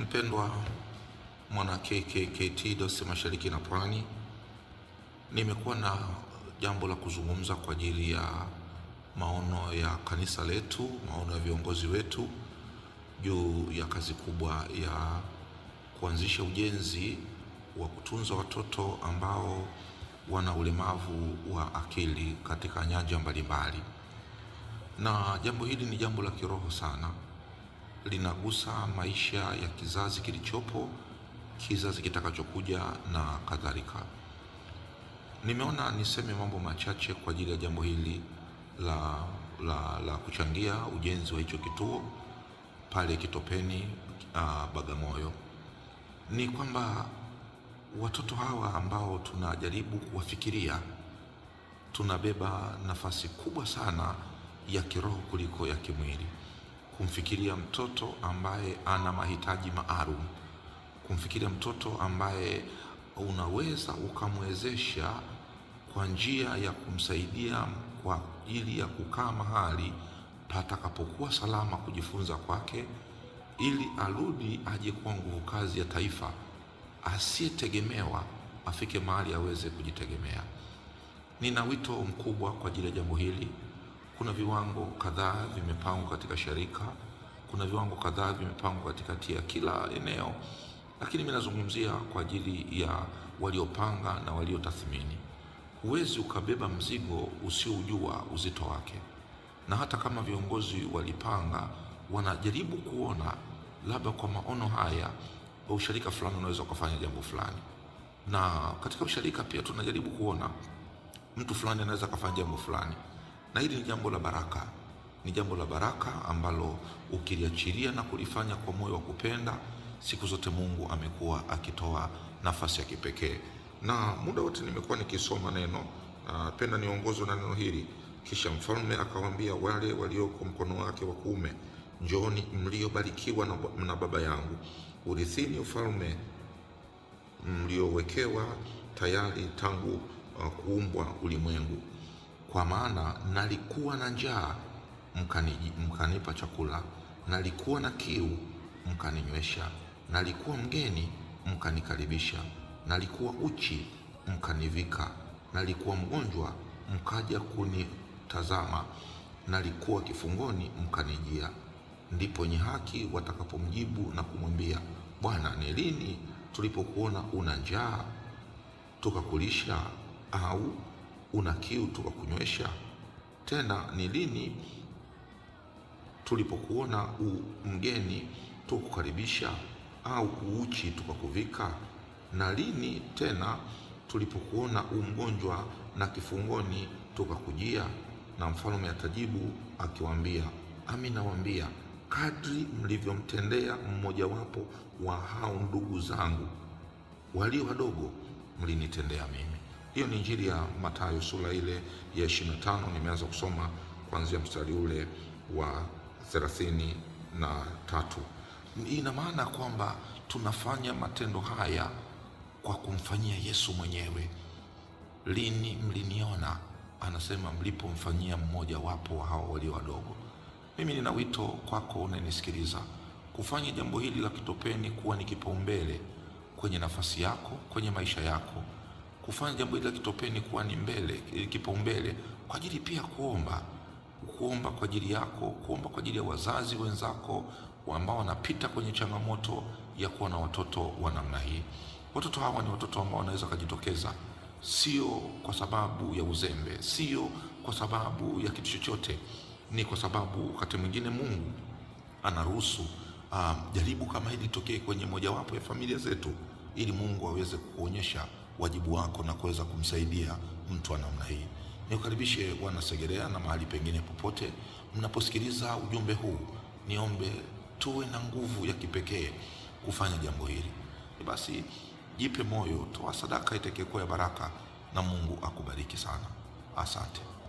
Mpendwa mwana KKKT Dose Mashariki na Pwani, nimekuwa na jambo la kuzungumza kwa ajili ya maono ya kanisa letu, maono ya viongozi wetu juu ya kazi kubwa ya kuanzisha ujenzi wa kutunza watoto ambao wana ulemavu wa akili katika nyanja mbalimbali, na jambo hili ni jambo la kiroho sana linagusa maisha ya kizazi kilichopo, kizazi kitakachokuja na kadhalika. Nimeona niseme mambo machache kwa ajili ya jambo hili la, la, la kuchangia ujenzi wa hicho kituo pale Kitopeni uh, Bagamoyo ni kwamba watoto hawa ambao tunajaribu kuwafikiria tunabeba nafasi kubwa sana ya kiroho kuliko ya kimwili kumfikiria mtoto ambaye ana mahitaji maalum, kumfikiria mtoto ambaye unaweza ukamwezesha kwa njia ya kumsaidia kwa ajili ya kukaa mahali patakapokuwa salama kujifunza kwake, ili arudi aje kuwa nguvu kazi ya taifa, asiyetegemewa, afike mahali aweze kujitegemea. Nina wito mkubwa kwa ajili ya jambo hili. Kuna viwango kadhaa vimepangwa katika sharika, kuna viwango kadhaa vimepangwa katikati ya kila eneo, lakini mimi nazungumzia kwa ajili ya waliopanga na waliotathmini. Huwezi ukabeba mzigo usiojua uzito wake, na hata kama viongozi walipanga, wanajaribu kuona labda kwa maono haya usharika fulani unaweza ukafanya jambo fulani, na katika usharika pia tunajaribu kuona mtu fulani anaweza akafanya jambo fulani na hili ni jambo la baraka, ni jambo la baraka ambalo ukiliachilia na kulifanya kwa moyo wa kupenda, siku zote Mungu amekuwa akitoa nafasi ya kipekee. Na muda wote nimekuwa nikisoma neno na penda niongozwe na neno hili. Kisha mfalme akawaambia wale walioko mkono wake wa kuume, njooni mliobarikiwa na Baba yangu, urithini ufalme mliowekewa tayari tangu uh, kuumbwa ulimwengu kwa maana nalikuwa na njaa mkanipa chakula, nalikuwa na kiu mkaninywesha, nalikuwa mgeni mkanikaribisha, nalikuwa uchi mkanivika, nalikuwa mgonjwa mkaja kunitazama, nalikuwa kifungoni mkanijia. Ndipo wenye haki watakapomjibu na kumwambia, Bwana, ni lini tulipokuona una njaa tukakulisha, au una kiu tukakunywesha. Tena ni lini tulipokuona u mgeni kukaribisha au uuchi tukakuvika? Na lini tena tulipokuona u mgonjwa na kifungoni tukakujia? Na mfalme atajibu akiwaambia, Amin nawaambia, kadri mlivyomtendea mmojawapo wa hao ndugu zangu walio wadogo, mlinitendea mimi. Hiyo ni Injili ya Mathayo sura ile ya 25. Nimeanza kusoma kuanzia mstari ule wa 33. Ina maana kwamba tunafanya matendo haya kwa kumfanyia Yesu mwenyewe. Lini mliniona? Anasema mlipomfanyia mmoja wapo wa hao walio wadogo. Mimi nina wito kwako unanisikiliza, kufanya jambo hili la kitopeni kuwa ni kipaumbele kwenye nafasi yako, kwenye maisha yako kufanya jambo hili la kitopeni kuwa ni mbele eh, kipaumbele kwa ajili pia kuomba kuomba kwa ajili yako, kuomba kwa ajili ya wazazi wenzako ambao wanapita kwenye changamoto ya kuwa na watoto wa namna hii. Watoto hawa ni watoto ambao wanaweza kujitokeza, sio kwa sababu ya uzembe, sio kwa sababu ya kitu chochote, ni kwa sababu wakati mwingine Mungu anaruhusu um, jaribu kama hili litokee kwenye mojawapo ya familia zetu, ili Mungu aweze kuonyesha wajibu wako na kuweza kumsaidia mtu wa namna hii. Niukaribishe wanasegerea na mahali pengine popote mnaposikiliza ujumbe huu, niombe tuwe na nguvu ya kipekee kufanya jambo hili. E basi jipe moyo, toa sadaka itakayekuwa ya baraka, na Mungu akubariki sana. Asante.